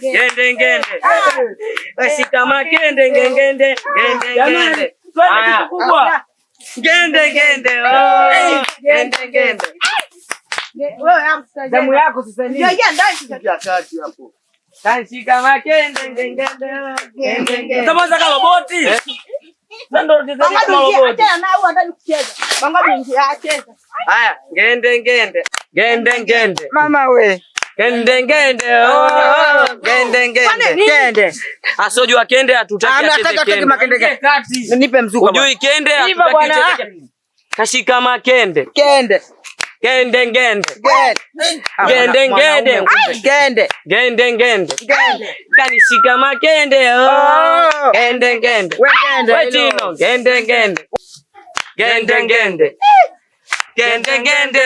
Gende ngende ah. basi, kama gende ngende ngende kubwa gende ngende gende ngende Haya, ngende ngende ngende ngende. Mama we Gende gende oh gende gende gende. Asojua kende atutaki atete kende. Nipe mzuka. bwana. Unjui kende atutaki kende. Kashi kama kende. Kende. Gende gende. Gende gende. Ah, gende. Gende gende. Gende. Kanishi kama kende oh gende oh. gende. We gende. We chino gende gende. Gende gende. Gende oh, gende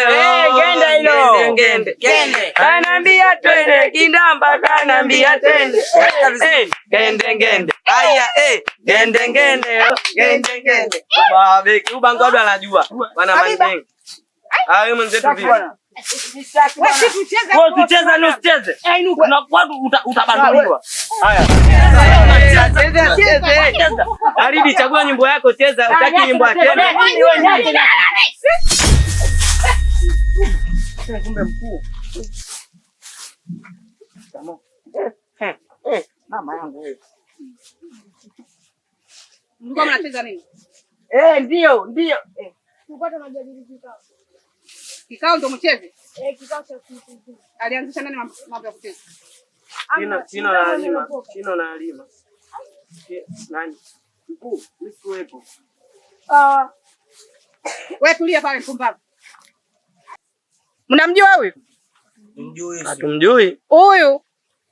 hilo gende, gende kanambia twende kindamba, kanambia twende gende gende. aya eh, gende gende oh, gende gende. Babe, kuba ngodwa anajua bwana manzengi. Ah, tu vipi? Wewe tucheza, wewe tucheza, ni usicheze. utabanduliwa. Haya. Aridi, chagua nyimbo yako, cheza. Utaki nyimbo ya tena. Kumbe mkuu, mama yangu mlikuwa mnacheza nini? Eh, ndio ndio, kikao ndo mcheze. Alianzisha nani mambo ya kucheza? Sina sina nani mkuu, Wewe tulia pale mpumbavu. Mnamjua huyu? Hatumjui. Huyu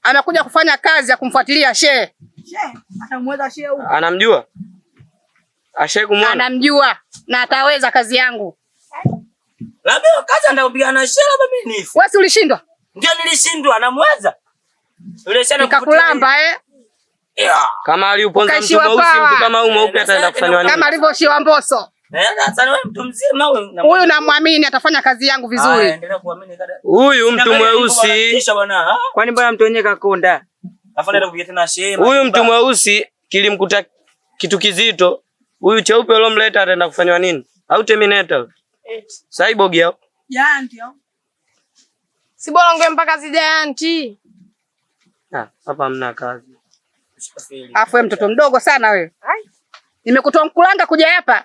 amekuja kufanya kazi ya kumfuatilia shehe. Anamjua Ashe kumwona? Anamjua na ataweza kazi yangu. Labda kazi anaupiga na shehe labda mimi nifu. Wewe ulishindwa? Ndio nilishindwa, anamweza. Yule sana nikakulamba eh. Yeah. Kama aliuponza mtu mweusi mtu kama huyu mweupe ataenda kufanywa nini? Kama alivyoshiwa mboso. Eh, huyu namwamini atafanya kazi yangu vizuri. Huyu mtu mweusi, kwani mbona mtu wenyewe kakonda? Huyu mtu mweusi kilimkuta kitu kizito, huyu cheupe alomleta ataenda kufanywa nini? Au terminator cyborg eh. yao? Si bora unge mpaka zijaanti. Ah, hapa mna kazi. Afu mtoto mdogo sana wewe, nimekutoa mkulanga kuja hapa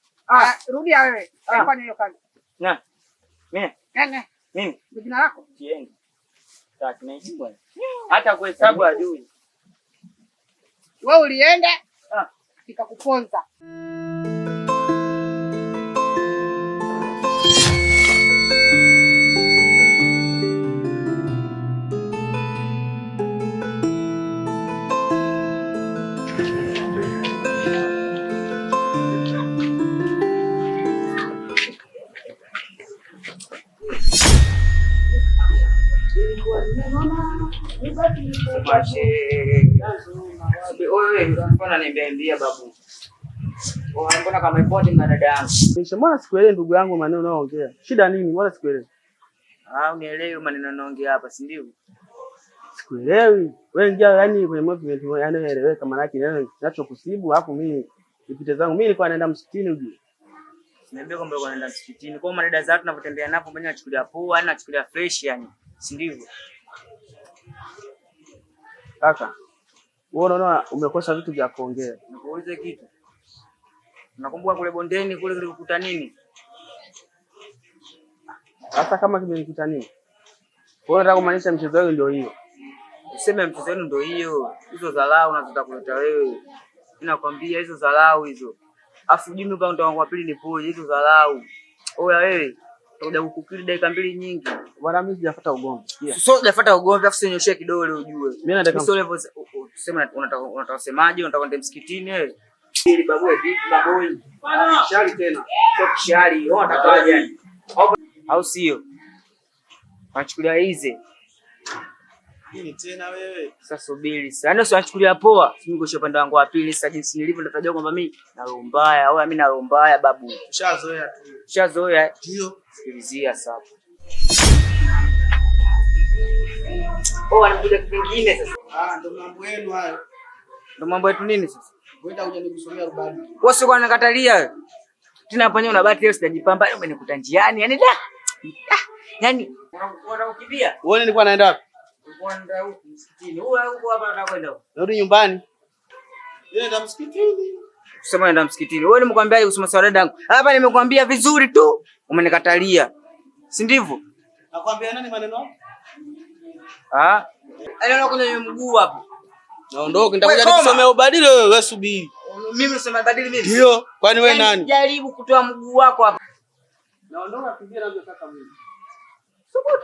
Ah, ah rudia wewe. Kwa ah. nini hiyo kazi? Na. Mimi. Nene. Mimi. Jina lako? Tieni. Sasa tunaijua. Hata kuhesabu adui. Wewe ulienda? Ah, nikakuponza. nimeambia oh, Mbona sikuelewi ndugu yangu maneno unayoongea. Shida nini? Mbona sikuelewi? Ah, unielewi maneno naongea hapa, si ndio? Sikuelewi. Wewe ingia yani kwenye movement yanayoeleweka maana yake neno ninachokusibu alafu mimi nipite zangu. Mimi nilikuwa naenda msikitini ujue. Niambia kwamba ulikuwa unaenda msikitini. Kwa maana dada zao tunavyotembea napo mwenye anachukulia poa, yani anachukulia fresh yani. Si ndivyo? Kaka, wewe unaona umekosa vitu vya kuongea. Nikuulize kitu. Nakumbuka kule bondeni kule kulikuta nini? Hata kama kimenikuta nini? Wewe unataka kumaanisha mchezo wenu ndio hiyo? Useme mchezo wenu ndio hiyo. Hizo dharau unazotaka kuleta wewe. Ninakwambia hizo dharau hizo. Afu jini ndo wangu wa pili ni pole hizo dharau. Oya wewe. Hukufikiri dakika mbili nyingi. Wala mimi sijafuata ugomvi. Sio sijafuata ugomvi, afu sinyoshe kidole ujue. Mimi nataka sio level useme unataka unataka semaje, unataka kwenda msikitini wewe. Eh? Ili babu vipi baboi? Shari tena. Sio kishari, wao oh, watakaje? Au sio? Anachukulia hizi. Nini tena wewe? Sasa subiri sasa. ndio yaani usiwachukulia poa. Mimi kwa upande wangu wa pili sasa jinsi nilivyo natajua kwamba mimi na roho mbaya au mimi na roho mbaya babu. Ushazoea tu. Ushazoea. Ndio. Sikilizia sasa. Oh, anakuja kingine sasa. Ah, ndio mambo yenu hayo. Ndio mambo yetu nini sasa? Wenda nikusomea rubani. Wewe sio kwa nakatalia. Tena hapa nyuma na unabaki leo sijajipamba, umenikuta njiani. Yaani da. Yaani unakimbia. Wewe nilikuwa naenda wapi? Rudi nyumbani. Sema enda msikitini. Wewe nimekwambia usome swala dangu? Hapa nimekuambia vizuri tu, umenikatalia. Si ndivyo? Nakwambia nani maneno? Ah. Ana na kuna mguu hapo. Naondoka, nitakuja nikusomea ubadili wewe, wewe subiri. Mimi nasema badili mimi. Ndio, kwani wewe yaani nani? Jaribu kutoa mguu wako hapa. Naondoka, kimbia na mtaka mimi. Subiri.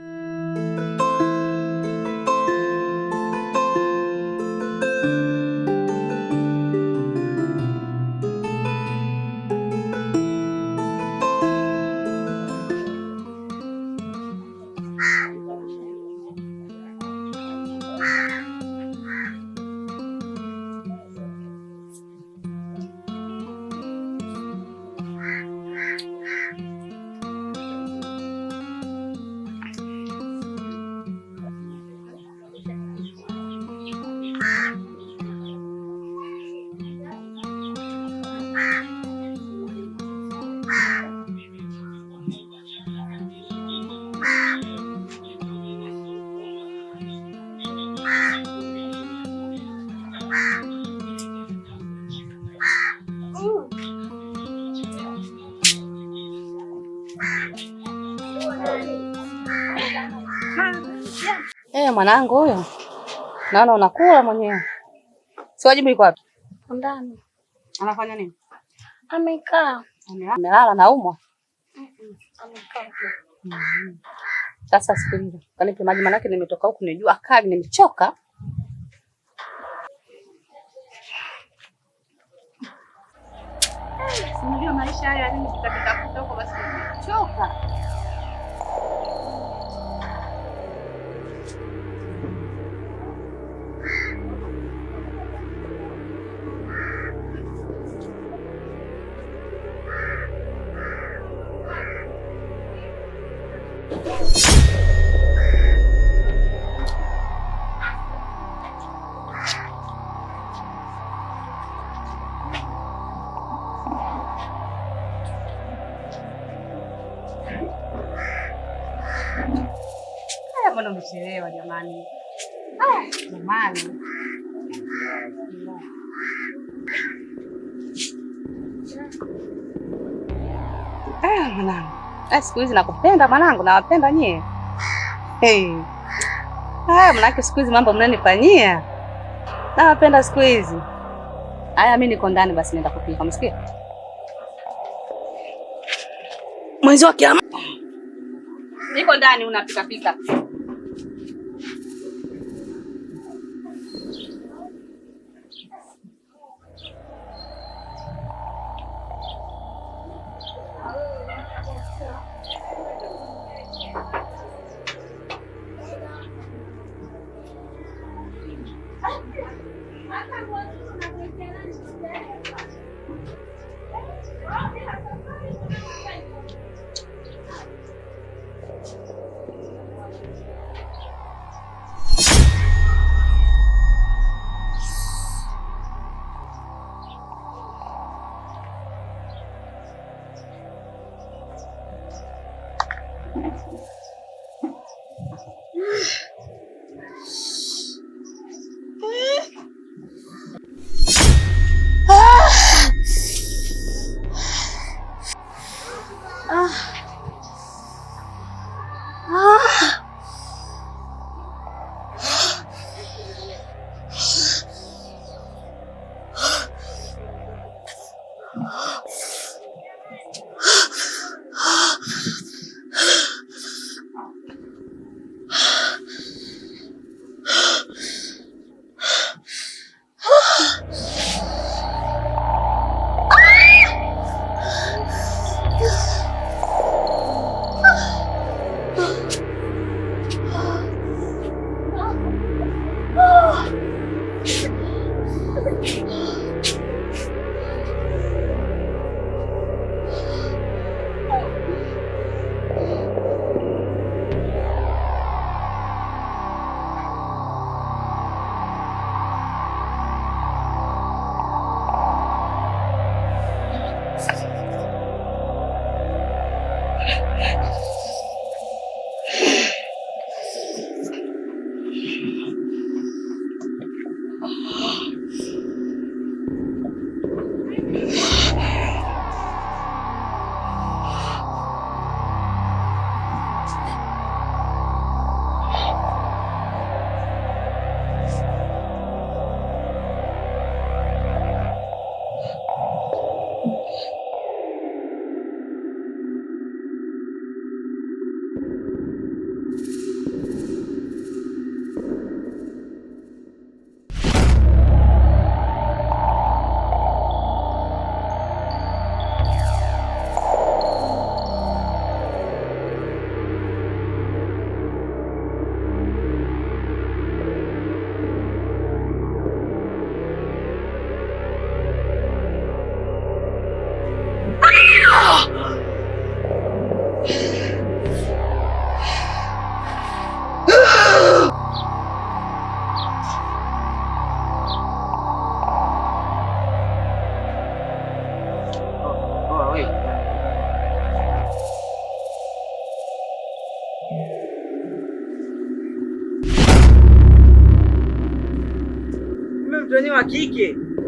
Haya mwanangu, huyo naona unakula mwenyewe. Si wajibu iko wapi? Ndani. Anafanya nini? Amekaa. Amelala na umwa. Sasa sikiliza, kanipe maji manake nimetoka huku jua kali, nimechoka. Eh, ndio maisha haya, nini yaani tutapita huko basi, nimechoka. Ah, mwanangu, eh, siku hizi nakupenda mwanangu, nawapenda nyie. Hey. Aya, ah, mwanake siku hizi mambo mnanifanyia, nawapenda siku hizi. Aya, mi niko ndani, basi nenda kupika, msikia mwenzi wa kiama, niko ndani unapikapika Juninho aqui que